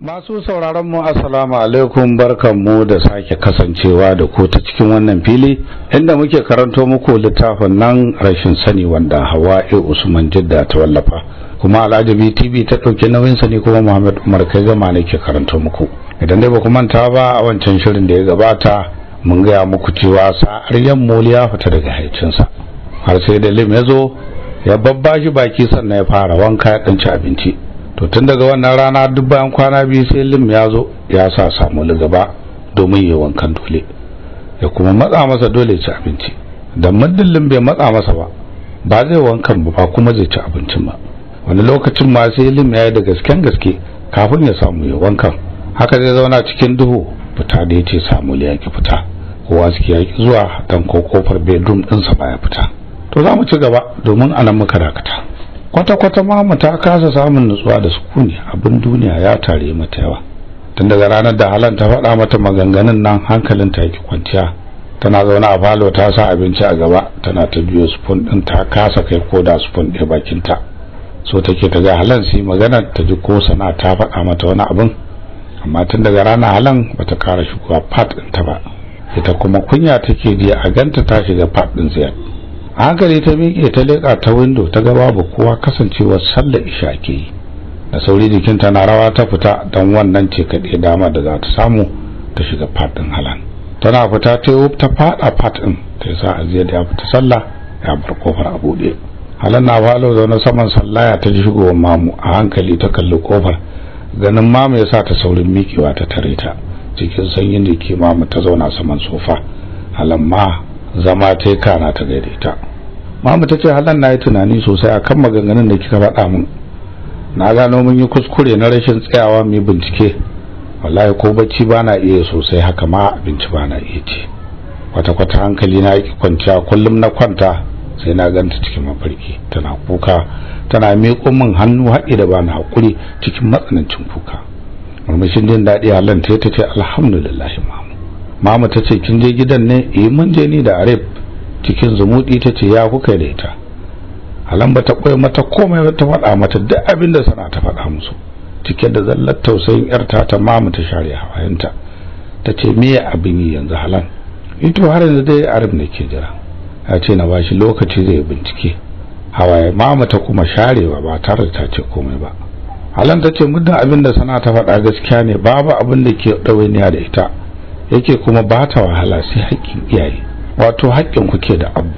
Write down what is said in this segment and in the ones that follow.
Masu sauraron mu assalamu alaikum barkanmu da sake kasancewa da ku ta cikin wannan fili inda muke karanto muku littafin nan rashin sani wanda Hawa'i Usman Jidda ta wallafa kuma Al'ajabi TV ta dauke nauyin sani kuma Muhammad Umar kai gama ne ke karanto muku idan dai baku manta ba a wancan shirin da ya gabata mun gaya muku cewa sa'ar yan ya fita daga haicinsa har sai da Lim ya zo ya babbashi baki sannan ya fara wanka ya danci abinci to tun daga wannan rana duk bayan kwana biyu sai lim ya zo ya sa samu gaba domin yi wankan dole ya kuma matsa masa dole ci abinci da muddin lim bai matsa masa ba ba zai wankan ba ba kuma zai ci abincin ba wani lokacin ma sai lim ya yi da gasken gaske kafin ya samu ya wankan haka zai zauna cikin duhu fita da ya ce samu ya ki fita kowa suke yaƙi zuwa dan ko kofar bedroom ɗinsa baya fita to za mu ci gaba domin anan muka dakata kwata-kwata mamu ta kasa samun nutsuwa da sukuni abin duniya ya tare mata yawa tun daga ranar da halan ta faɗa mata maganganun nan hankalin ta yake kwanciya tana zaune a falo ta sa abinci a gaba tana ta biyo spoon din ta kasa kai koda spoon ɗaya bakinta so take ta ga halan sai magana ta ji ko sana ta faɗa mata wani abin amma tun daga rana halan ta kara shigowa part ɗinta ba ita kuma kunya take ji a ganta ta shiga part ɗin ziyar a hankali ta miƙe ta leƙa ta windo ta ga babu kowa kasancewar sallar isha ke yi da sauri jikin tana rawa ta fita don wannan ce kaɗai dama da za ta samu ta shiga Ɗin halan tana fita ta yi ta faɗa fatin ta yi sa'a zai da ya fita sallah ya bar kofar a buɗe halan na falo zaune saman sallaya ta ji shigowar mamu a hankali ta kalli kofar ganin mamu ya sa ta saurin miƙewa ta tare ta cikin sanyin jiki mamu ta zauna saman sofa halan ma zama ta yi kana ta gaida ta Mamu ta ce halan na yi tunani sosai akan maganganun da kika faɗa mun na gano mun yi kuskure na rashin tsayawa mai bincike wallahi ko bacci bana iya sosai haka ma abinci bana iya ci kwata kwata hankali na yi kwanciya kullum na kwanta sai na ganta cikin mafarki tana kuka tana miƙo min hannu haɗe da bana hakuri cikin matsanancin kuka murmushin jin daɗi halan ta ta ce alhamdulillah mamu mamu ta ce kin je gidan ne eh mun je ni da arab cikin zumuɗi ta ce ya kuka da ita halan ba ta koya mata komai ta faɗa mata duk abin da sana ta faɗa musu cike da zallar tausayin yarta ta mamu ta share hawayenta ta ce me abin yi yanzu halan ito har yanzu dai arab ne ke jira ya ce na bashi lokaci zai bincike hawaye mamu ta kuma sharewa ba tare da ta ce komai ba halan ta ce muddin abin da sana ta faɗa gaskiya ne babu abin da ke ɗawainiya da ita yake kuma ba ta wahala sai haƙƙin iyaye wato hakkin ku ke da abu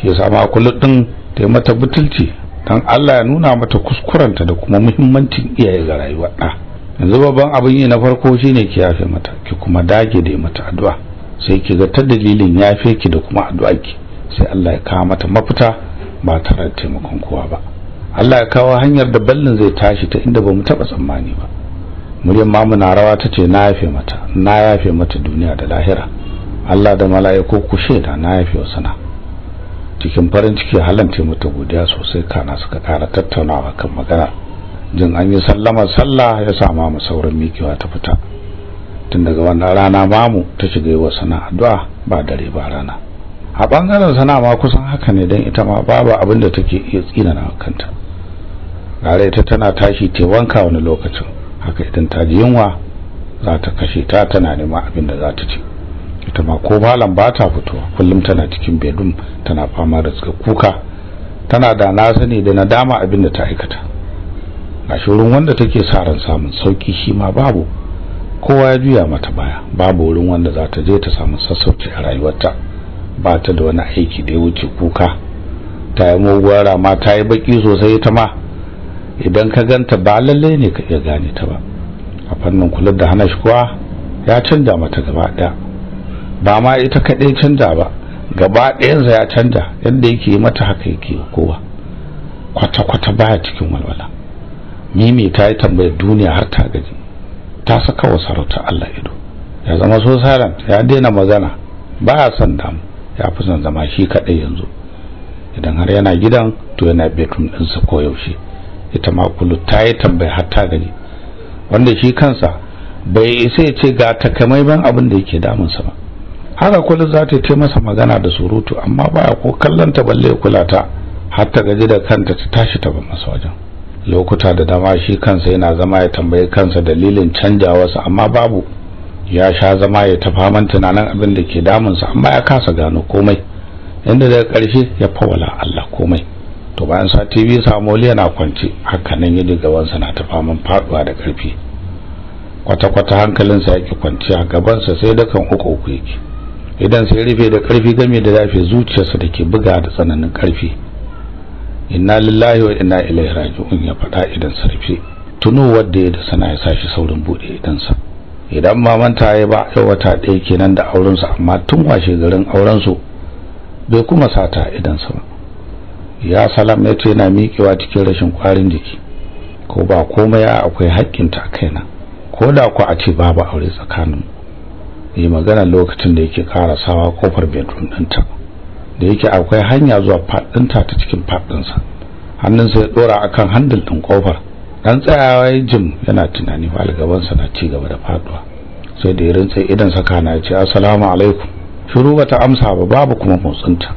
shi yasa ma kullu din ta yi mata butulci dan Allah ya nuna mata kuskurenta da kuma muhimmancin iyaye ga rayuwar ɗa yanzu babban abin yi na farko shine ki yafe mata ki kuma dage da mata addu'a sai ki ga ta dalilin yafe ki da kuma addu'a ki sai Allah ya kawo mata mafita ba tare da taimakon kowa ba Allah ya kawo hanyar da ballin zai tashi ta inda ba mu taɓa tsammani ba muryar mamu na rawa ta ce na yafe mata na yafe mata duniya da lahira Allah da mala'iku ku sheda na yafi sana cikin farin ciki halanta mata godiya sosai kana suka kara tattaunawa kan magana jin an yi sallama sallah ya sama mu sauran mikewa ta fita tun daga wannan rana mamu ta shiga yi wa ba dare ba rana a bangaren sana ma kusan haka ne don ita ma babu abin da take iya na kanta gare ta tana tashi ta wanka wani lokacin haka idan ta ji yunwa za ta kashe ta tana neman abin da za ta ci ita ma ko malam ba ta fitowa kullum tana cikin bedroom tana fama da suka kuka tana da na sani da nadama abin da ta aikata ga wurin wanda take sa ran samun sauki shi ma babu kowa ya juya mata baya babu wurin wanda za ta je ta samu sassauci a rayuwarta ba ta da wani aiki da ya wuce kuka ta yi mugwara ma ta yi baki sosai ta ma idan ka ganta ba lallai ne ka iya gane ta ba a fannin kula da hana shi kuwa ya canja mata gaba ɗaya ba ma ita kaɗai canja ba gaba ɗayansa ya canja yadda yake mata haka yake kowa kwata-kwata baya cikin walwala mimi ta yi tambayar duniya har ta gaji ta saka wa sarauta Allah ido ya zama so silent ya daina magana ba ya son damu ya fi son zama shi kaɗai yanzu idan har yana gidan to yana bedroom ɗinsa koyaushe ita ma kullu ta yi tambaya har ta gaji wanda shi kansa bai isa ya ce ga takamaiman abin da yake damunsa ba haka kullum za ta ce masa magana da surutu amma baya ko kallon ta balle kula ta har ta gaji da kanta ta tashi ta bar masa wajen lokuta da dama shi kansa yana zama ya tambayi kansa dalilin canjawarsa amma babu ya sha zama ya ta faman tunanin abin da ke damunsa amma ya kasa gano komai inda daga karshe ya fawala Allah komai to bayan sati biyu Samuel yana kwance hakanan ya gabansa na ta faman faduwa da ƙarfi kwata-kwata hankalinsa yake kwanciya gabansa sai dakan uku uku yake idan sai rufe da karfi game da zafi zuciyarsa da ke buga da tsananin karfi inna lillahi wa inna ilaihi raji'un ya faɗa idan sarfe tuno wanda ya da sana ya sashi saurin bude idansa idan ta ya ba yau wata ɗaya kenan da aurensa amma tun washe garin aurensu bai kuma sata idansa ba ya salam ya ce yana miƙewa cikin rashin kwarin jiki ko ba komai akwai haƙƙinta a kaina ko da ku a ce babu aure tsakaninmu yi magana lokacin da yake karasawa kofar bedroom ɗinta da yake akwai hanya zuwa faɗinta ta cikin faɗinsa hannunsa ya ɗora akan handil ɗin kofar ɗan tsayawa ya jim yana tunani fa algabansa na ci gaba da faɗuwa sai da ya rintse idan saka na ce assalamu alaikum shiru bata amsa ba babu kuma motsinta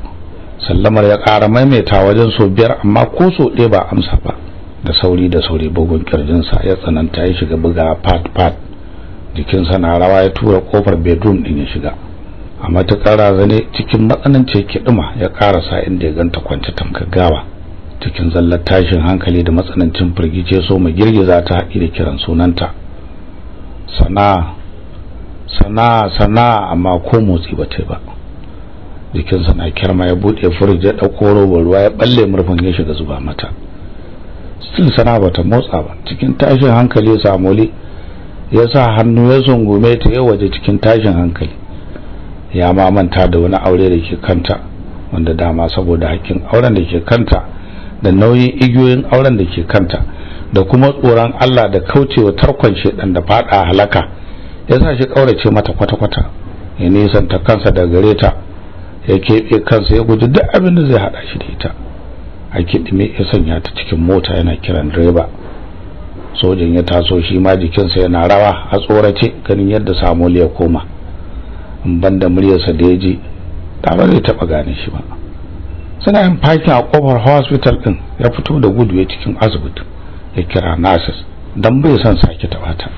sallamar ya ƙara maimaita wajen so biyar amma ko so ɗaya ba amsa ba da sauri da sauri bugun kirjinsa ya tsananta ya shiga buga fat fat jikin sa na rawa ya tura kofar bedroom din ya shiga a matakar razane cikin matsananci kidima ya karasa inda ya ganta kwanta tamkar gawa cikin zallar tashin hankali da matsanancin firgice so mu girgiza ta haɗi da kiran sunanta sana sana sana amma ko motsi ba ta ba jikinsa na kirma ya buɗe firij ya ɗauko robar ruwa ya balle murfin ya shiga zuba mata still sana bata motsa ba cikin tashin hankali samoli ya sa hannu ya zungume ta ya waje cikin tashin hankali ya ma manta da wani aure da ke kanta wanda dama saboda hakkin auren da ke kanta da nauyin igiyoyin auren da ke kanta da kuma tsoron Allah da kaucewa tarkon shedan da fada halaka ya sa shi kaurace mata kwata-kwata ya nisanta kansa da gare ta ya keɓe kansa ya guji duk abin da zai haɗa shi da ita a kiɗime ya sanya ta cikin mota yana kiran direba sojan ya taso shi ma jikinsa yana rawa a tsorace ganin yadda samuel ya koma banda muryarsa da ya ji ba zai taɓa gane shi ba suna yin fakin a kofar hospital ɗin ya fito da gudu ya cikin asibiti ya kira nurses don bai son sake taɓa ta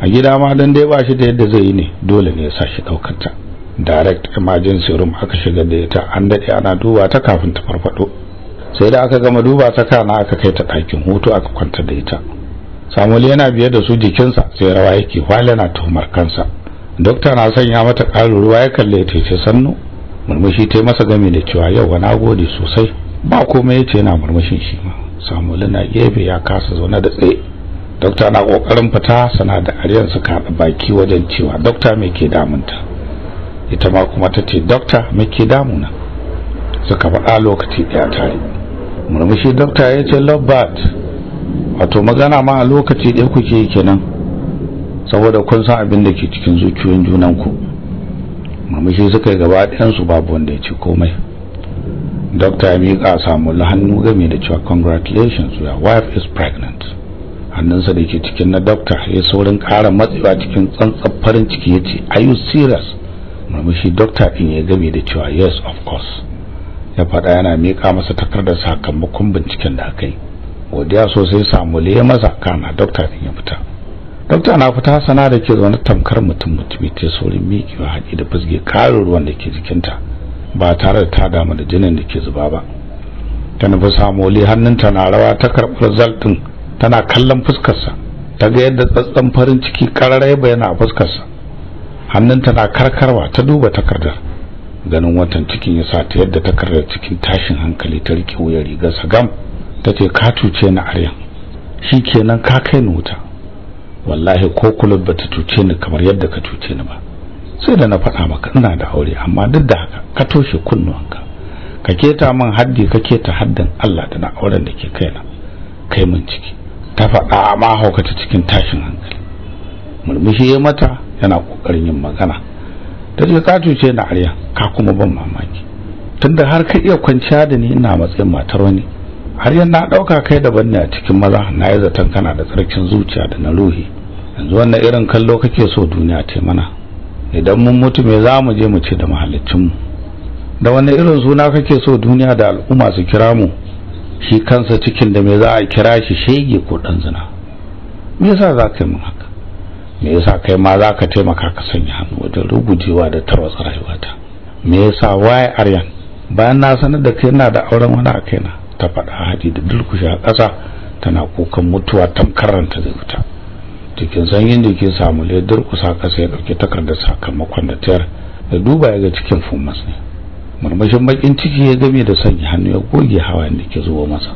a gida ma don dai ba shi da yadda zai yi ne dole ne ya sa shi ɗaukar ta direct emergency room aka shiga da ita an daɗe ana duba ta kafin ta farfaɗo sai da aka gama duba ta kana aka kai ta ɗakin hutu aka kwanta da ita samuel yana biye da su jikinsa sai rawa yake kwale na tuhumar kansa dokta na sanya mata karu ruwa ya kalle ta ce sannu murmushi ta yi masa gami da cewa yau na gode sosai ba komai ya ce yana murmushin shi ma samuel na gefe ya kasa zaune da tsaye dokta na kokarin fita sana da aryan suka haɗa baki wajen cewa dokta me ke damunta ita ma kuma ta ce dokta me ke damuna suka faɗa lokaci ɗaya tare murmushi dokta ya ce love wato magana ma a lokaci ɗaya kuke kenan saboda kun san abin da ke cikin zuciyoyin junanku mamashi suka yi gaba ɗayansu babu wanda ya ce komai dokta ya miƙa samu hannu game da cewa congratulations your wife is pregnant hannunsa da ke cikin na dokta ya saurin ƙara matsewa cikin tsantsan farin ciki ya ce are you serious mamashi dokta ɗin ya game da cewa yes of course ya faɗa yana miƙa masa takardar sakamakon binciken da aka yi godiya sosai samule ya maza kana dokta din ya fita dokta na fita sana da ke zaune tamkar mutum mutumi ta saurin wa haƙi da fusge karin ruwan da ke jikinta ba tare da ta damu da jinin da ke zuba ba ta nufi samule hannunta na rawa ta karɓar result tana kallon fuskarsa ta ga yadda tsatsan farin ciki ƙararai bayana a fuskarsa hannunta na karkarwa ta duba takardar ganin watan cikin ya sa ta yadda takardar cikin tashin hankali ta riƙe wuyar rigarsa gam ta ce ka cuce ni aryan shi kenan ka kai ni wuta wallahi ko kulub bata cuce ni kamar yadda ka cuce ni ba sai da na faɗa maka ina da aure amma duk da haka ka toshe kunnuwanka ka keta min haddi ka keta haddin Allah da na auren da ke kaina kai min ciki ta faɗa amma hauka ta cikin tashin hankali murmushi ya mata yana kokarin yin magana ta ce ka cuce ni arya ka kuma ban mamaki tunda har ka iya kwanciya da ni ina matsayin matar wani har yanda dauka kai daban ne a cikin maza na yi zaton kana da tsarkin zuciya da na ruhi yanzu wannan irin kallo kake so duniya ce mana idan mun mutu me za mu je mu ce da mahallicinmu da wani irin suna kake so duniya da al'umma su kira mu shi kansa cikin da me za a kira shi shege ko dan zina me yasa za ka yi mun haka me yasa kai ma za ka taimaka ka sanya hannu wajen rugujewa da tarwatsa rayuwata me yasa waye aryan bayan na sanar da kai ina da auren wani a kaina ta faɗa haɗi da durkushe a ƙasa tana kukan mutuwa tamkaranta da wuta cikin sanyin da ke samu lai durkusa ƙasa ya ɗauki takardar sakamakon da tayar da duba ya ga cikin fumas ne murmushin bakin ciki ya game da sanya hannu ya goge hawayen da ke zuwa masa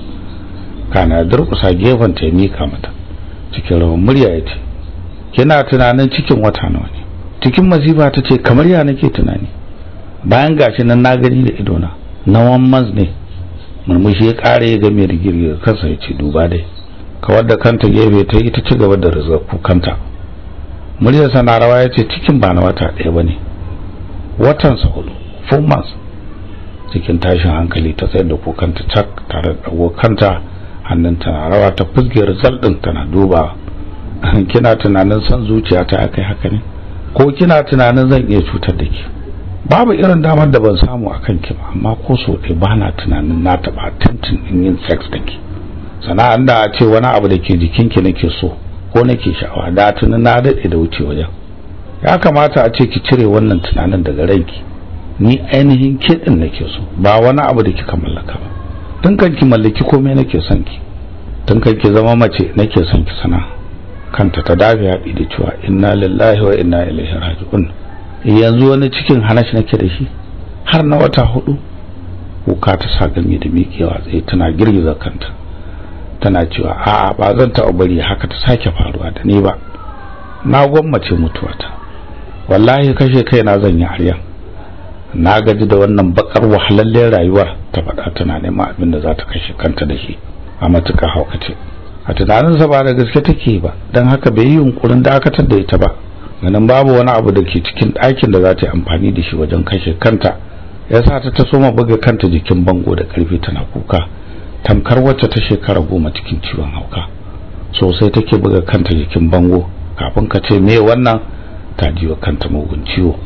kana durkusa gefen ta ya mika mata cikin rawan murya ya ce kina tunanin cikin wata nawa ne cikin masifa ta ce kamar ya nake tunani bayan gashi nan na gani da idona na one month ne murmushi ya ga ya game ga kansa ya ce duba dai kawar da kanta gefe ta ita ci gaba da kanta kukanta muryarsa na rawa ya ce cikin ba na wata ɗaya ba ne sa hudu four cikin tashin hankali ta tsayar da kukanta cak tare da ɗago kanta hannunta na rawa ta fusge rizal ɗin tana duba kina tunanin san zuciya ta akai haka ne ko kina tunanin zan iya cutar da ke babu irin damar da ban samu a kanki ba amma ko so ɗaya ba na tunanin na taɓa tantin ɗin yin sex da ke sana'an da a ce wani abu da ke jikinki nake so ko nake sha'awa da tunanin na daɗe da wuce wajen ya kamata a ce ki cire wannan tunanin daga ranki ni ainihin ke nake so ba wani abu da kika mallaka ba tun kan ki mallaki komai nake son ki tun kan ki zama mace nake son ki sana kanta ta dafi haɗi da cewa inna lillahi wa inna ilaihi raji'un yanzu wani cikin hana shi nake da shi har na wata hudu wuka ta sa ganye da mikewa tsaye tana girgiza kanta tana cewa a'a ba zan taɓa bari haka ta sake faruwa da ni ba na gwammace mutuwata wallahi kashe kai na zan yi harya na gaji da wannan bakar wahalalle rayuwa ta faɗa tana nema abin da za ta kashe kanta da shi a matuƙa haukace a tunaninsa ba da gaske take ba don haka bai yi yunkurin dakatar da ita ba ganin babu wani abu da ke cikin ɗakin da za ta yi amfani da shi wajen kashe kanta ya sa ta taso ma buga kanta jikin bango da ƙarfi tana kuka tamkar wacce ta shekara goma cikin ciwon hauka sosai take buga kanta jikin bango kafin ka ce me wannan ta jiwa kanta mugun ciwo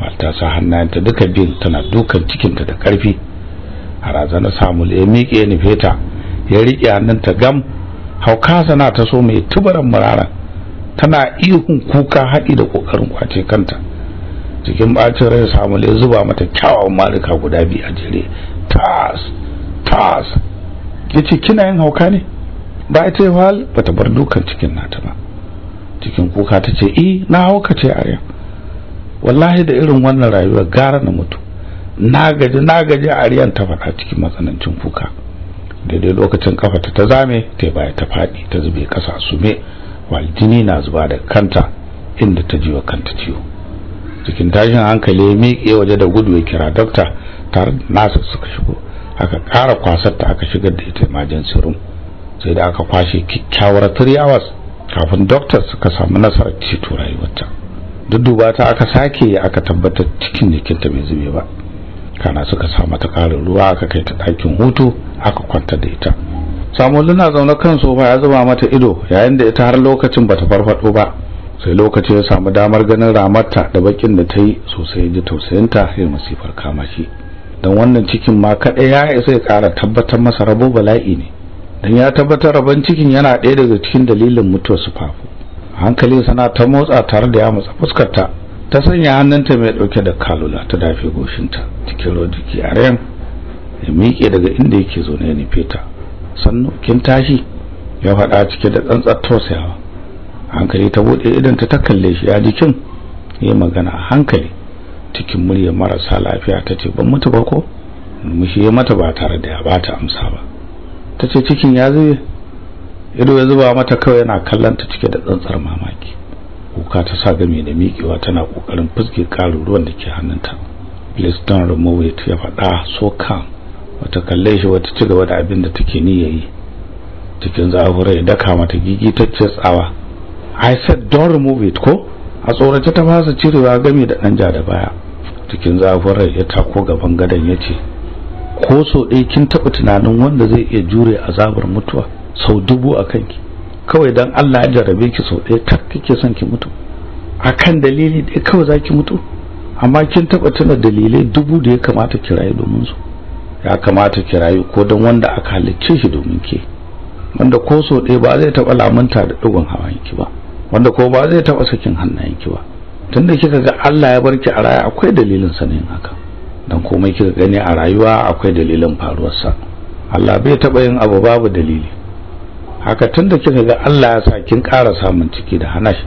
wata sa hannayenta duka biyun tana dukan cikinta da ƙarfi harazana samu ya miƙe nufe feta ya riƙe hannunta gam hauka sana ta so mai tubaran muraran tana ihun kuka haɗi da ƙoƙarin kwace kanta cikin bacin rai samu ya zuba mata kyawawan malika guda biyu a jere tas tas Ya ce kina yin hauka ne ba hal bata bar dukan cikin nata ba cikin kuka ta ce e, na hauka ce a yau wallahi da irin wannan rayuwar gara na mutu na gaji na gaji riyan ta faɗa cikin matsanancin kuka daidai lokacin kafa ta zame ta baya ta faɗi ta zube ƙasa sume normal jini na zuba da kanta inda ta jiwa kanta ciwo cikin tashin hankali ya miƙe waje da gudu ya kira dokta tare da nasa suka shigo aka kara kwasar ta aka shigar da ita emergency room sai da aka kwashe kyakkyawar three hours kafin doctor suka samu nasarar ceto rayuwarta dudduba ta aka sake aka tabbatar cikin jikinta bai zube ba kana suka sa mata ƙarin ruwa aka kai ta dakin hutu aka kwanta da ita Samuel luna zaune kan sofa ya zuba mata ido yayin da ita har lokacin bata farfado ba sai lokaci ya samu damar ganin ramarta da bakin da ta yi sosai ji tausayinta sai masifar kama shi don wannan cikin ma kaɗai ya isa ya ƙara tabbatar masa rabo bala'i ne don ya tabbatar rabon cikin yana ɗaya daga cikin dalilin mutuwar su fafu hankali sana ta motsa tare da ya matsa fuskarta ta sanya hannunta mai ɗauke da kalula ta dafe goshinta cikin rodiki a ya miƙe daga inda yake zaune ya nufe ta sannu kin tashi ya faɗa cike da tsantsar tausayawa hankali ta bude idan ta kalle shi ya jikin ya magana a hankali cikin murya marasa lafiya ta ce ban mutu ba ko mushi ya mata ba tare da ya bata amsa ba ta ce cikin ya ido ya zuba mata kawai yana kallon ta cike da tsantsar mamaki kuka ta sa game da miƙewa tana ƙoƙarin fuske karu ruwan da ke hannunta please don remove it ya faɗa so calm bata kalle shi wata ci gaba da abin da take ni yayi cikin zahurai daka mata ce tsawa i said don't remove it ko a tsorace ta fasa cirewa game da dan da baya cikin zahurai ya tako gaban gadan ya ce ko so ɗaya kin taɓa tunanin wanda zai iya jure azabar mutuwa sau dubu a kanki kawai don Allah ya jarabe ki sau ɗaya tak kike son ki mutu akan dalili ɗaya kawai za ki mutu amma kin taɓa tuna dalilai dubu da ya kamata ki rayu domin su ya kamata ki rayu ko don wanda aka halicce shi domin ke wanda ko so ɗaya ba zai taɓa lamunta da ɗigon hawayenki ba wanda ko ba zai taɓa sakin hannayenki ba tunda kika ga Allah ya barki a raya akwai dalilin sanin haka dan komai kika gani a rayuwa akwai dalilin faruwarsa Allah bai taɓa yin abu babu dalili haka tunda kika ga Allah ya sa kin ƙara samun ciki da hana shi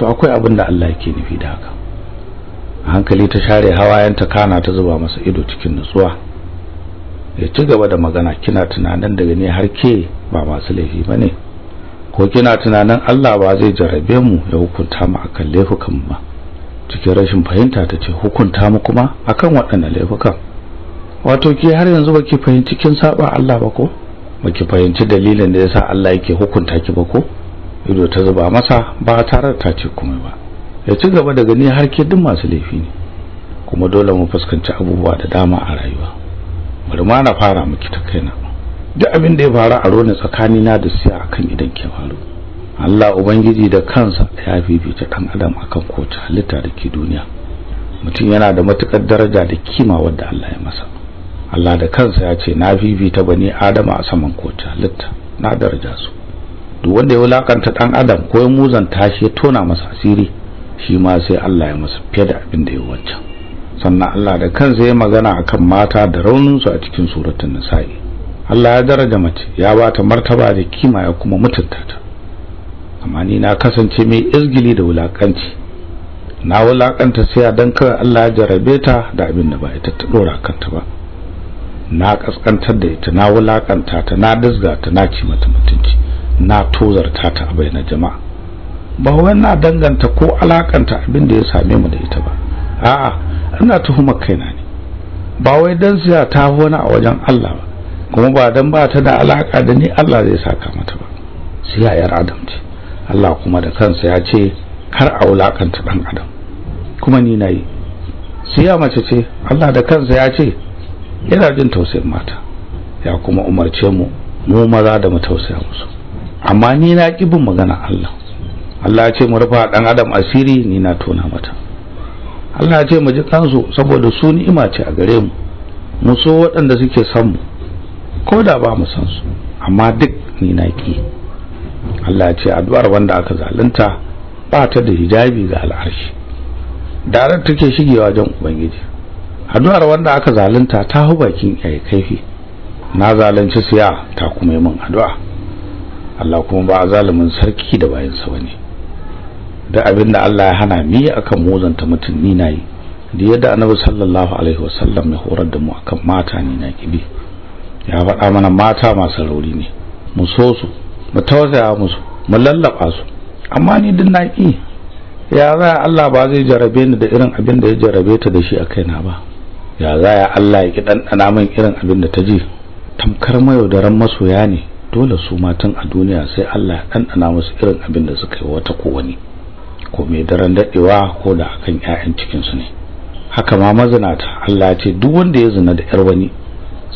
to akwai abin da Allah yake nufi da haka hankali ta share hawayenta kana ta zuba masa ido cikin nutsuwa ya ci gaba da magana kina tunanin daga ne har ke ba masu laifi ba ne ko kina tunanin Allah ba zai jarabe mu ya hukunta mu akan laifukan ba cikin rashin fahimta ta ce hukunta mu kuma akan waɗannan laifukan wato ke har yanzu baki fahimci kin saba Allah ba ko baki fahimci dalilin da ya sa Allah yake hukunta ki ba ko ido ta zuba masa ba tare da ta ce komai ba ya ci gaba da gani har ke duk masu laifi ne kuma dole mu fuskanci abubuwa da dama a rayuwa bari ma na fara miki ta kaina duk abin da ya faru a rona tsakani na da siya akan idan ke faru Allah ubangiji da kansa ya fifita dan adam akan kota halitta da ke duniya mutum yana da matukar daraja da kima wadda Allah ya masa Allah da kansa ya ce na fifita bani adama a saman kota halitta na daraja su duk wanda ya wulakanta dan adam ko ya muzanta shi ya tona masa asiri shi ma sai Allah ya masa fiye da abin da ya wancan sannan Allah da kansa ya magana akan mata da rauninsu a cikin suratul nisa'i Allah ya daraja mace ya bata martaba da kima ya kuma mutunta ta amma ni na kasance mai izgili da wulakanci na wulakanta sai dan danka Allah ya jarabe ta da abin da ba ita ta dora kanta ba na kaskantar da ita na wulakanta ta na dizga ta na ci mata mutunci na tozarta ta a na jama'a ba wai na danganta ko alakanta abin da ya same mu da ita ba a'a ina tuhumar kaina ne ba wai dan siya ta wani a wajen Allah ba kuma ba dan ba ta da alaka da ni Allah zai saka mata ba siya yar adam ce Allah kuma da kansa ya ce kar a wulakanta dan adam kuma ni nayi siya mace ce Allah da kansa ya ce yana jin tausayin mata ya kuma umarce mu mu maza da mu tausaya musu amma ni na ƙi bin magana Allah Allah ya ce mu rufa dan adam asiri ni na tona mata Allah ce mu ji kansu saboda su ni'ima ce a gare mu mu so waɗanda suke san mu ko da ba mu san su amma duk ni na ki Allah ce addu'ar wanda aka zalunta ba ta da hijabi ga al'arshi darar take shigewa jan ubangiji addu'ar wanda aka zalunta ta hu bakin yayi kaifi na zalunci siya ta kuma yi min addu'a Allah kuma ba zalimin sarki da bayansa bane da abin da Allah ya hana ni akan muzanta mutum ni nayi da yadda annabi sallallahu alaihi wasallam ya horar da mu akan mata ni na kibi ya faɗa mana mata masu rauni ne mu so su mu tausaya musu mu lallaba su amma ni din na ki ya za Allah ba zai jarabe ni da irin abin da ya jarabe ta da shi a kaina ba ya za ya Allah ya ki ɗanɗana min irin abin da ta ji tamkar mayaudaran masoya ne dole su matan a duniya sai Allah ya ɗanɗana musu irin abin da suka yi wata ko wani ko mai daren daɗewa ko da akan ƴaƴan cikin su ne haka ma mazinata Allah ce duk wanda ya zina da ƴar wani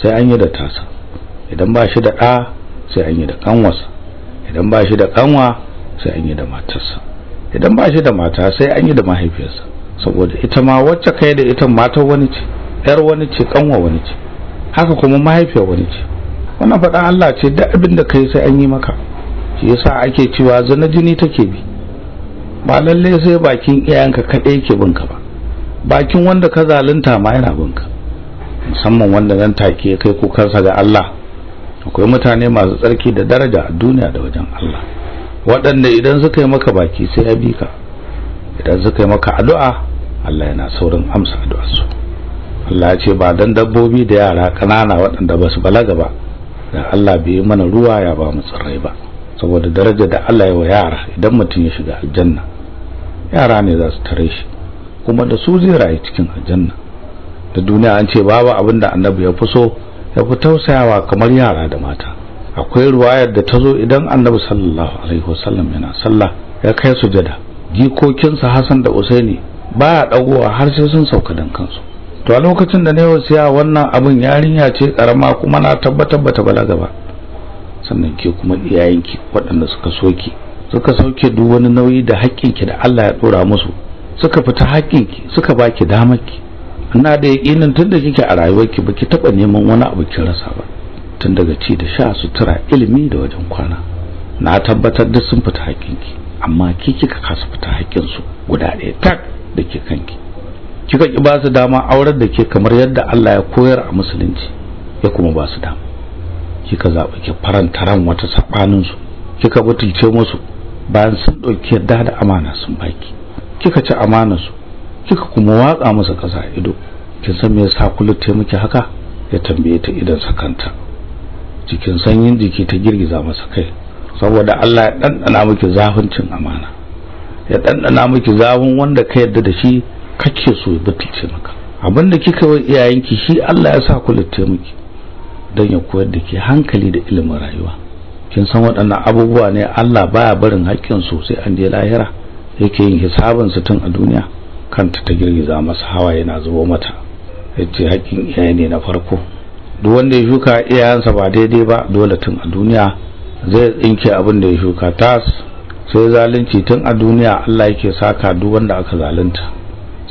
sai an yi da tasa idan ba shi da ɗa sai an yi da kanwarsa idan ba shi da kanwa sai an yi da matarsa idan ba shi da mata sai an yi da mahaifiyarsa saboda ita ma wacce kai da ita matar wani ce ƴar wani ce kanwa wani ce haka kuma mahaifiyar wani ce wannan faɗan Allah ce duk abin da kai sai an yi maka shi yasa ake cewa zina jini take bi ba lalle sai bakin iyayenka kaɗai ke binka ba bakin wanda ka zalunta ma yana binka musamman wanda nan take ya kai kukansa ga Allah akwai mutane masu tsarki da daraja a duniya da wajen Allah waɗanda idan suka yi maka baki sai ya bi ka idan suka yi maka addu'a Allah yana saurin amsa addu'arsu Allah ya ce ba dan dabbobi da yara ƙanana waɗanda ba su balaga ba da Allah bai yi mana ruwa ya ba mu tsirrai ba saboda daraja da Allah ya wa yara idan mutum ya shiga aljanna yara ne za su tare shi kuma da su zai rayu cikin aljanna da duniya an ce babu abin da annabi ya fi so ya fi tausayawa kamar yara da mata akwai ruwayar da ta zo idan annabi sallallahu alaihi wasallam yana sallah ya kai sujada jikokinsa Hassan da Usaini ba dagowa har sai sun sauka dan kansu to a lokacin da na yi wasiya wannan abin yarinya ce karama kuma na tabbatar bata balaga ba sannan ke kuma iyayenki waɗanda suka soke suka sauke duk wani nauyi da haƙƙinki da Allah ya ɗora musu suka fita haƙƙinki suka baki damarki ina da yaƙinin tunda kike a rayuwarki baki taɓa neman wani abu kin rasa ba tun daga ci da sha sutura ilimi da wajen kwana na tabbatar da sun fita haƙƙinki amma ki kika kasa fita su guda ɗaya tak da ke kanki kika ki ba su dama aurar da ke kamar yadda Allah ya koyar a musulunci ya kuma ba su dama kika zaba ki faranta ran wata sabanin su kika butulce musu bayan sun ɗauki yadda da amana sun baki kika ci amana su kika kuma watsa musu kasa ido kin san me yasa kullu miki haka ya tambaye ta idan sakanta cikin sanyin jiki ta girgiza masa kai saboda Allah ya dandana miki zafin cin amana ya dandana miki zafin wanda ka yadda da shi kake so ya butulce maka abinda kika wa iyayenki shi Allah ya sa kullu miki don ya koyar da ke hankali da ilimin rayuwa kin san waɗannan abubuwa ne Allah baya barin haƙƙin su sai an je lahira yake yin hisabin su tun a duniya kanta ta girgiza masa hawa yana zubo mata yace haƙƙin iyaye ne na farko duk wanda ya shuka iyayensa ba daidai ba dole tun a duniya zai tsinke abin da ya shuka tas sai zalunci tun a duniya Allah yake saka duk wanda aka zalunta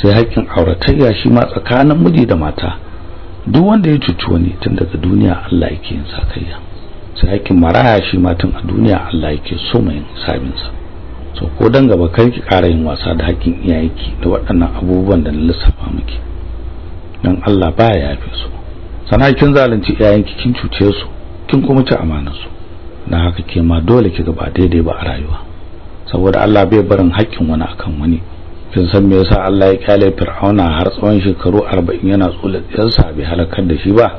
sai haƙƙin auratayya shi ma tsakanin miji da mata duk wanda ya cuci wani tun daga duniya Allah yake yin sakayya sai aikin maraya shi ma tun a duniya Allah yake so mai sabin sa so ko dan gaba kar ki ƙara yin wasa da hakkin iyayenki da waɗannan abubuwan da na lissafa miki dan Allah baya yafe su sana kin zalunci iyayenki kin cuce su kin kuma ci amanar su dan haka ke ma dole ki ga ba daidai ba a rayuwa saboda Allah bai barin hakkin wani akan wani kin san me yasa Allah ya kyale fir'auna har tsawon shekaru 40 yana tsiyarsa bai halakar da shi ba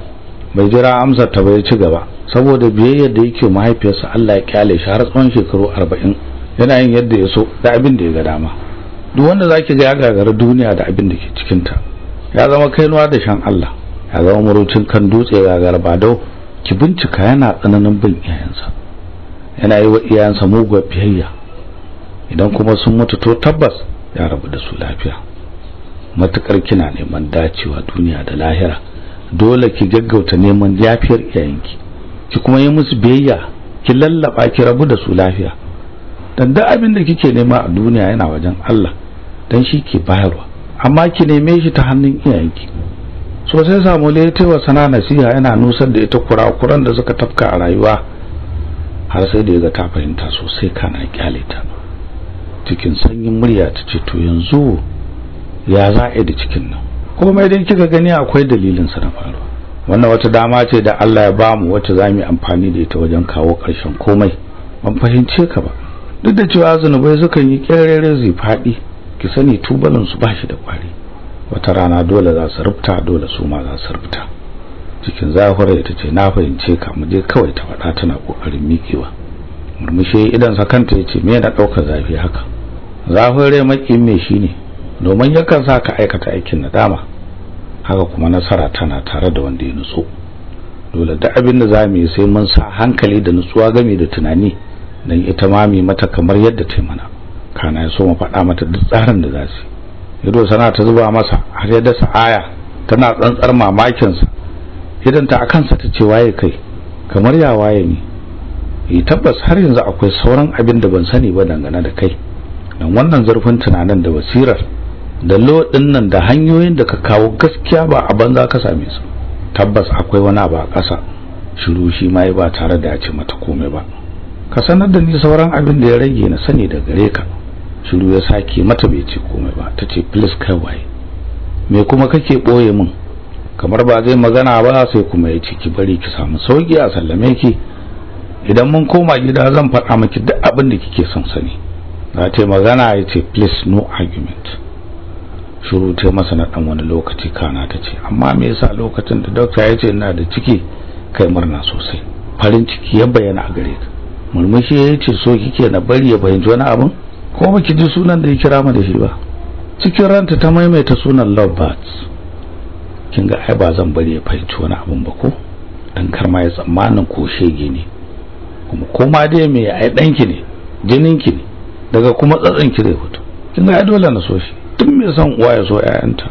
bai jira amsar ta bai ci gaba saboda biyayyar da yake mahaifiyarsa Allah ya kyale shi har tsawon shekaru 40 yana yin yadda ya so da abin da ya ga dama duk wanda zaki ga ya gagara duniya da abin da ke cikin ta ya zama kainuwa da shan Allah ya zama murucin kan dutse gagara ba dau ki bincika yana tsananin bin iyayensa yana yi wa iyayensa muguwar biyayya idan kuma sun mutu to tabbas ya rabu da su lafiya matukar kina neman dacewa duniya da lahira dole ki gaggauta neman lafiyar iyayenki ki kuma yi musu biyayya ki lallaba ki rabu da su lafiya dan da abin da kike nema a duniya yana wajen Allah dan shi ke bayarwa amma ki neme shi ta hannun iyayenki so sai samu wa sana nasiha yana nusar da ita kura kura-kuran da suka tafka a rayuwa har sai da ya ga ta fahimta sosai kana kyale ta cikin sanyin murya ta ce to yanzu ya za da cikin nan komai dan kika gani akwai dalilin sa na faruwa wannan wata dama ce da Allah ya bamu wacce za mu amfani da ita wajen kawo ƙarshen komai ban fahimce ka ba duk da cewa zanubai sukan yi ƙerere zai faɗi ki sani tubalin su bashi da kwari wata rana dole za su rubta dole su ma za su rubta cikin zahura ita ce na fahimce ka mu je kawai ta faɗa tana ƙoƙarin miƙewa murmushe idan sa kanta ya ce me na ɗaukar zafi haka zafin rai makin mai shi ne domin yakan sa ka aikata aikin nadama haka kuma nasara tana tare da wanda ya nutso dole da abin da za mu yi sai mun sa hankali da nutsuwa game da tunani don ita ma mu mata kamar yadda ta mana kana ya so mu faɗa mata duk tsarin da za su ido sana ta zuba masa har ya dasa aya tana tsantsar mamakinsa idan ta akan sa ta ce waye kai kamar ya waye ne eh, tabbas har yanzu akwai sauran abin da ban sani ba dangane da kai dan wannan zarfin tunanin da basirar da lodin nan da hanyoyin da ka kawo gaskiya ba a banza ka same su tabbas akwai wani abu a ƙasa shiru shi ma ba tare da ya ce mata komai ba ka sanar da ni sauran abin da ya rage na sani da gare ka shiru ya sake mata bai ce komai ba ta ce please kai waye me kuma kake boye min kamar ba zai magana ba sai kuma ya ce ki bari ki samu sauki a sallame ki idan mun koma gida zan faɗa miki duk abin da kike son sani na ce magana ya ce please no argument shuru ta masa na dan wani lokaci kana ta ce amma me yasa lokacin da doctor ya ce ina da ciki kai murna sosai farin ciki ya bayyana a gare ka murmushi ya ce so kike na bari ya bayyana wani abu ko baki ji sunan da ya kira mu da shi ba cikin ranta ta maimaita sunan love birds. kin ga ai ba zan bari ya fahimci wani abu ba ko dan karma ya tsammanin ko shege ne kuma koma dai me ai danki ne jininki ne daga kuma tsatsan ki zai fito kin ga dole na so shi tun mai son uwa ya so ƴaƴanta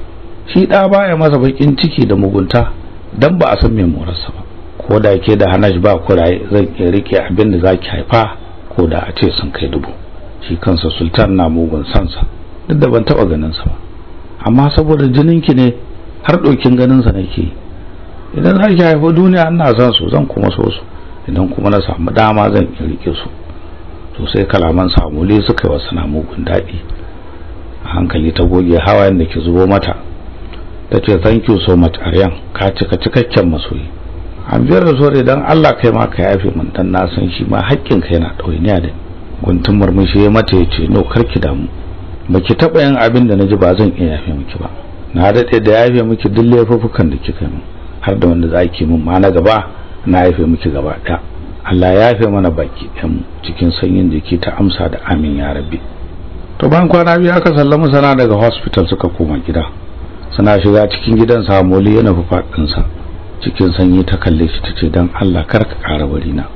shi da baya masa bakin ciki da mugunta dan ba a san me morarsa ba ko da ke da hanash ba kuraye zan iya rike abin da zaki haifa ko da a ce sun kai dubu shi kansa sultan na mugun sansa duk da ban taba ganin sa ba amma saboda jinin ki ne har dokin ganin sa nake idan zaki haifa duniya ina san su zan kuma so su idan kuma na samu dama zan iya rike su to sai kalaman samule suka yi wasu mugun daɗi a hankali ta goge hawayen da ke zubo mata ta ce thank you so much aryan ka cika cikakken masoyi an biyar da sore don allah kai ma ka yafe min dan na san shi ma haƙƙin ka yana ɗawainiya da guntun murmushi ya mata ya ce no karki damu ba ki taɓa yin abin da na ji ba zan iya yafe miki ba na daɗe da yafe miki duk laifuffukan da kika yi har da wanda za ki min ma na gaba na yafe miki gaba ɗaya Allah ya fi mana baki ɗin cikin sanyin jiki ta amsa da amin ya rabbi to ban kwana biyu aka sallama sana daga hospital suka koma gida suna shiga cikin gidan samoli yana fafaɗinsa cikin sanyi ta kalle shi ta ce don Allah kar ka ƙara wari na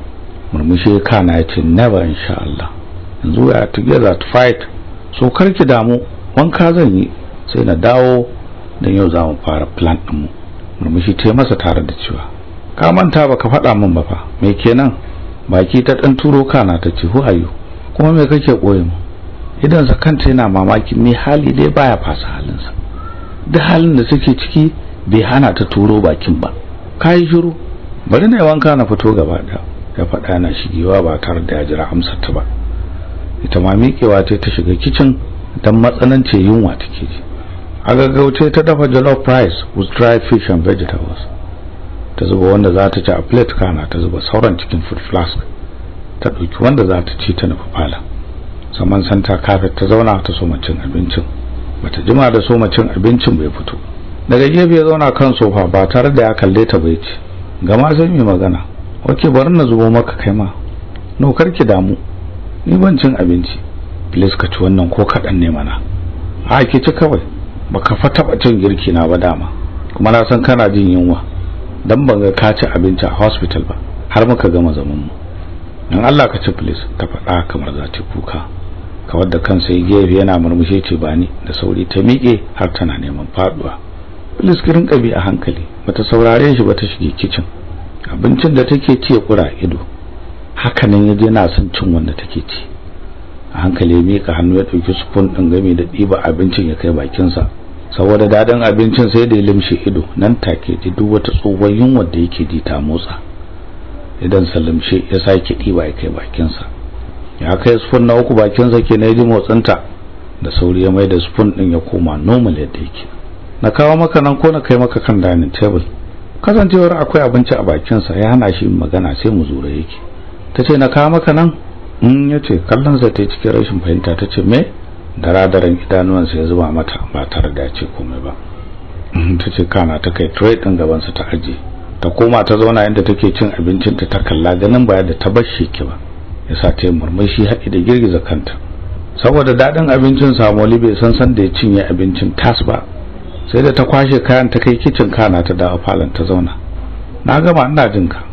murmushe kana ya ce never insha Allah yanzu ya together to fight so kar ki damu wanka zan yi sai na dawo don yau za mu fara plan ɗinmu murmushi ta masa tare da cewa ka manta baka faɗa min ba fa me kenan baki ta dan turo kana ta ce huayu kuma me kake koyi mu idan sa kanta yana mamaki me hali dai baya fasa halinsa duk halin da suke ciki bai hana ta turo bakin ba kai shiru bari na wanka na fito gaba da ya faɗa na shigewa ba tare da jira amsar ta ba ita ma miƙewa ta ta shiga kitchen dan matsanance yunwa take ji a gaggauce ta dafa jollof rice with dried fish and vegetables ta zuba wanda za ta ci a plate kana ta zuba sauran cikin food flask ta ɗauki wanda za ta ci ta nufi fala saman santa kafet ta zauna ta soma cin abincin bata jima da soma cin abincin bai fito daga gefe ya zauna kan sofa ba tare da ya kalle ta bai ci gama sai mai magana wake bari na zubo maka kai ma no ki damu ni ban cin abinci please ka ci wannan ko kaɗan ne mana a ki ci kawai baka fa taɓa cin girki na ba dama kuma na san kana jin yunwa dan ban ga ka ci abinci a hospital ba har muka gama zaman mu dan Allah ka ci please ta faɗa kamar za ta kuka kawar da kansa ya gefe yana murmushe ce ba ni da sauri ta miƙe har tana neman faduwa please ki rinka bi a hankali bata saurare shi ba ta shige kitchen abincin da take ci ya kura ido hakanan yaje yana son cin wanda take ci a hankali ya miƙa hannu ya ɗauki spoon ɗin game da ɗiba abincin ya kai bakinsa saboda dadin abincin sai da ya limshe ido nan take ji duk wata tsohuwar yunwar da yake ji ta motsa idan sa limshe ya sake ɗiba ya kai bakinsa ya kai spoon na uku bakinsa ke na ji motsinta da sauri ya mai da spoon din ya koma normal yadda yake na kawo maka nan ko na kai maka kan dining table kasancewar akwai abinci a bakinsa ya hana shi magana sai mu zura yake ta ce na kawo maka nan in mm, yace kallon sa ta cikin rashin fahimta ta ce me daradaran idanuwansa ya zuba mata ba tare da ce komai ba ta ce kana ta kai tray din su ta aje ta koma ta zauna inda take cin abincin ta ta kalla ganin baya da ta bashe ki ba yasa ta yi murmushi har da girgiza kanta saboda daɗin abincin samoli bai san san da ya cinye abincin tas ba sai da ta kwashe kayan ta kai kicin kana ta dawo falon ta zauna na gama ina jin ka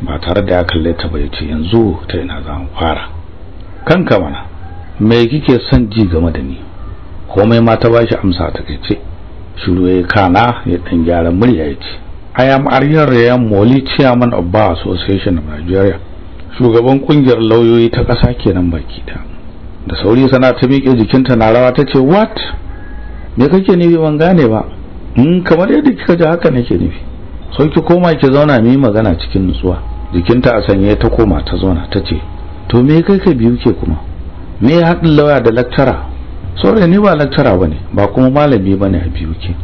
ba tare da ya kalle ta ba yace yanzu ta ina zan fara kanka mana mai kike son ji game da ni komai ma ta bashi amsa ta kace shiru ya kana ya dan gyaran murya ya ce I am Aryan Rayan Moli chairman of Bar Association of Nigeria shugaban kungiyar lauyoyi ta ƙasa kenan baki ta da sauri sana ta miƙe jikinta na rawa ta ce what me kake nufi ban gane ba in hmm, kamar yadda kika ji haka nake nufi So ki koma ki zauna mu yi magana cikin nutsuwa jikinta a sanye ta koma ta zauna ta ce to me kai ka biyu ke kuma me ya haɗin lauya da laktara saboda ni ba laktara ba ne ba kuma malami ba ne a biyu ke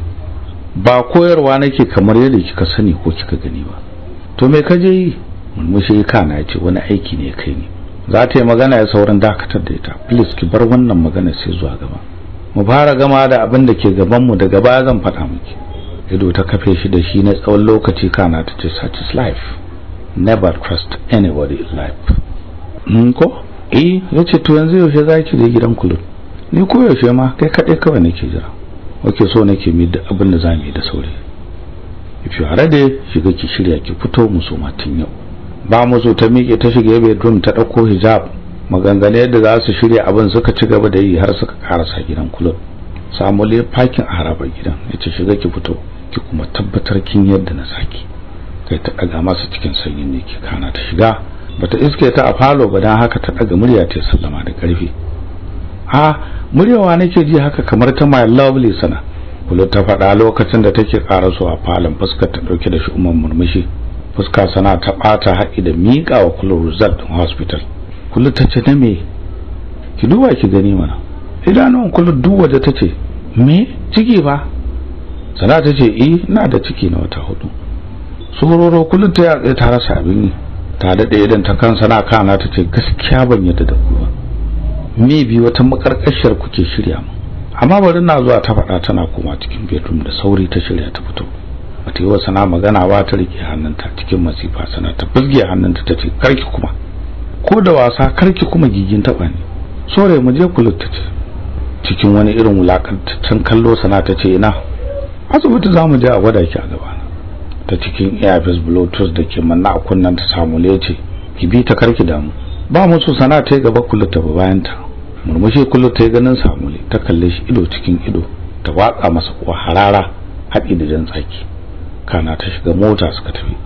ba koyarwa nake kamar yadda kika sani ko kika gani ba to me ka je yi murmushi kana ya ce wani aiki ne kai ne za ta yi magana ya sauran dakatar da ita please ki bar wannan magana sai zuwa gaba mu fara gama da abin da ke gabanmu daga baya zan faɗa miki ido ta kafe shi da shi na tsawon lokaci kana ta ce such is life never trust anybody in life hmm, ko eh yace to yanzu yaushe za ki je gidan kulun ni ko yaushe ma kai kaɗai kawai nake jira wake so nake mi da abin da za yi da sauri ifi hare shiga ki shirya ki fito musu matin yau ba mu zo ta miƙe ta shiga bedroom ta ɗauko hijab maganganu yadda za su shirya abin suka ci gaba da yi har suka karasa gidan kulun samu le parking a harabar gidan ya ce shiga ki fito ki kuma tabbatar kin yadda na saki kai ta ɗaga masa cikin sanyin ne ki kana ta shiga bata iske ta a falo ba dan haka ta daga murya ta sallama da karfi a muryawa nake ji haka kamar ta my lovely sana kullu ta faɗa lokacin da take karaso a falon fuskar ta dauke da shi'uman murmushi fuska sana ta bata haƙi da miƙa wa kullu result din hospital kullu ta ce da me ki duba ki gani mana idanun kullu duwa da tace me ciki ba sana ta ce eh ina da ciki na wata hudu sororo kullu ta ya ta rasa abin ta daɗe idan ta kansa na kana ta ce gaskiya ban yadda da ku ba me bi wata makarkashiyar kuke shirya mu amma bari na zuwa ta faɗa tana koma cikin bedroom da sauri ta shirya ta fito ta yi wa sana magana ba ta rike hannunta cikin masifa sana ta fizge hannunta ta ce karki kuma ko da wasa karki kuma gigin taɓa ne sore mu je kulut ta ce cikin wani irin wulakantaccen kallo sana ta ce ina asibiti za mu je a gwada ki a gaba ta cikin earpiece bluetooth da ke manna a kunnen ta samu lece ki bi ta karki damu ba mu so sana ta gaba kullu ta bayan ta murmushi kullu ta ganin samu samule ta kalle shi ido cikin ido ta watsa masa kuwa harara haɗi da jan tsaki kana ta shiga mota suka tafi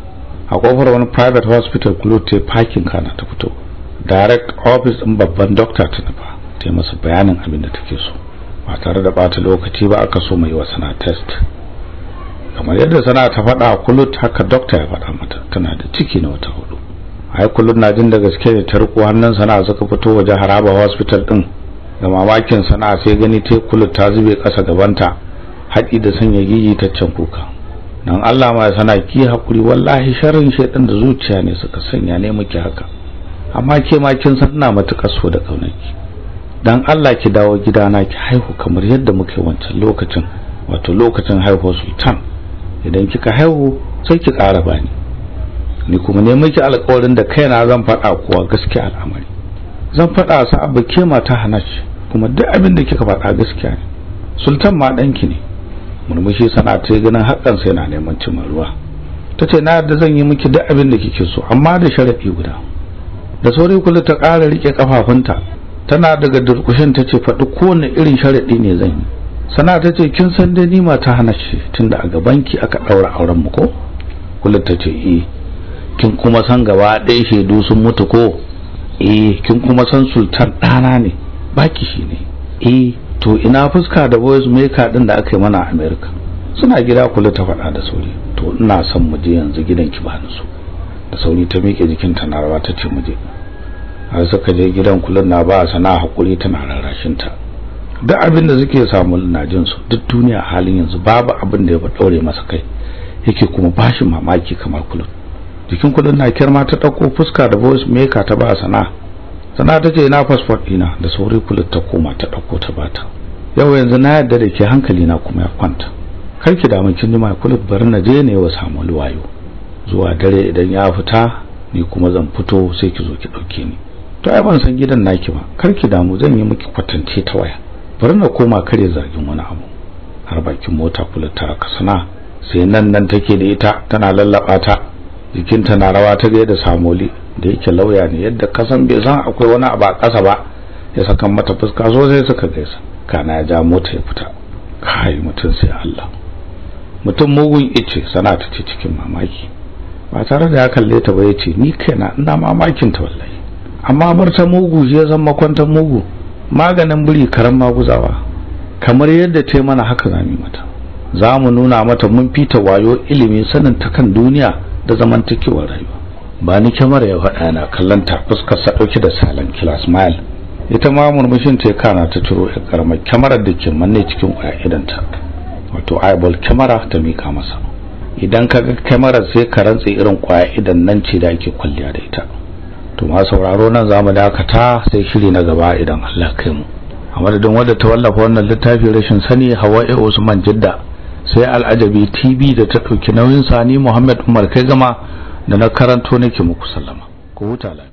a kofar wani private hospital kullu ta parking kana ta fito direct office din babban doctor ta nufa ta masa bayanin abin da take so ba tare da bata lokaci ba aka so mai wa sana test kamar yadda sana ta faɗa a kulut haka dokta ya faɗa mata tana da ciki na wata hudu ai kulut na jin da gaske ne ta riko hannun sana suka fito waje haraba hospital din da mamakin sana sai gani ta yi kulut ta zube ƙasa gabanta haƙi da sanya gigi can kuka nan Allah ma sana ki hakuri wallahi sharrin shedan da zuciya ne suka sanya ne miki haka amma ke ma kin san ina matukar so da kaunarki dan Allah ki dawo gidana ki haihu kamar yadda muke wancan lokacin wato lokacin haihuwar sultan idan kika haihu sai ki ƙara bani ni kuma ne miki alƙawarin da kaina zan faɗa kuwa gaskiya al'amari zan faɗa sa abba ke mata hanashi kuma duk abin da kika faɗa gaskiya ne sultan ma ɗanki ne murmushi sana ta ganin haƙƙan sai na neman cimma ruwa ta ce na yarda zan yi miki duk abin da kike so amma da sharaɗi guda da sauri kula ta ƙara riƙe ƙafafunta tana daga durƙushin ta ce faɗi kowane irin sharaɗi ne zan yi sana ta ce kin san dai ni mata hana shi tunda a gabanki aka daura auren mu ko kullum ta ce eh kin kuma san gaba ɗaya shaidu sun mutu ko eh kin kuma san sultan ɗana ne baki shi ne eh to ina fuska da voice maker din da aka yi mana a America suna gida kullum ta faɗa da sauri to ina son mu je yanzu gidan ki bani su da sauri ta miƙe jikinta na rawa ta ce mu je har suka je gidan kullum na ba sana hakuri tana ta duk abin da suke samu na jin duk duniya halin yanzu babu abin da ya ba daure masa kai yake kuma bashi mamaki kamar kullum jikin kudin na kirma ta dauko fuska da voice maker ta ba sana sana ta ce ina passport dina da sauri kulit ta koma ta dauko ta bata yau yanzu na yarda da ke hankali na kuma ya kwanta kar ki damu kin ji ma bari na je ne wa samu luwayo zuwa dare idan ya fita ni kuma zan fito sai ki zo ki dauke ni to ai ban san gidan naki ba kar ki damu zan yi miki kwatance ta waya bari na koma kare zargin wani abu har bakin mota kula ta kasana sai nan nan take da ita tana lallaba ta jikinta na rawa ta ga da samoli da yake lauya ne yadda kasan bai san akwai wani abu a kasa ba ya saka mata fuska sai suka gaisa kana ya ja mota ya fita kai mutum sai Allah mutum mugun ice sana ta ce cikin mamaki ba tare da ya kalle ta ba ce ni kaina ina mamakin ta wallahi amma marta mugu ya zama kwantar mugu maganin biri karan maguzawa kamar yadda ta mana haka zami mata za mu nuna mata mun fita wayo ilimin sanin ta kan duniya da zamantakewar rayuwa ba ni kyamar ya faɗa yana kallon ta fuskar sa da salon kilas mile ita ma murmushin ta kana ta turo ya karamar kyamarar da ke manne cikin ƙwaya idanta wato eyeball kyamara ta mika masa idan ka ga kyamarar sai ka rantse irin ƙwaya idan nan ce da ake kwalliya da ita to ma sauraro nan zamu dakata sai shiri na gaba idan Allah kai mu a madadin wanda ta wallafa wannan littafin rashin sani Hawa'i Usman Jidda sai Al'ajabi TV da ta dauki nauyin sani Muhammad Umar kai gama da na karanto nake muku sallama ku huta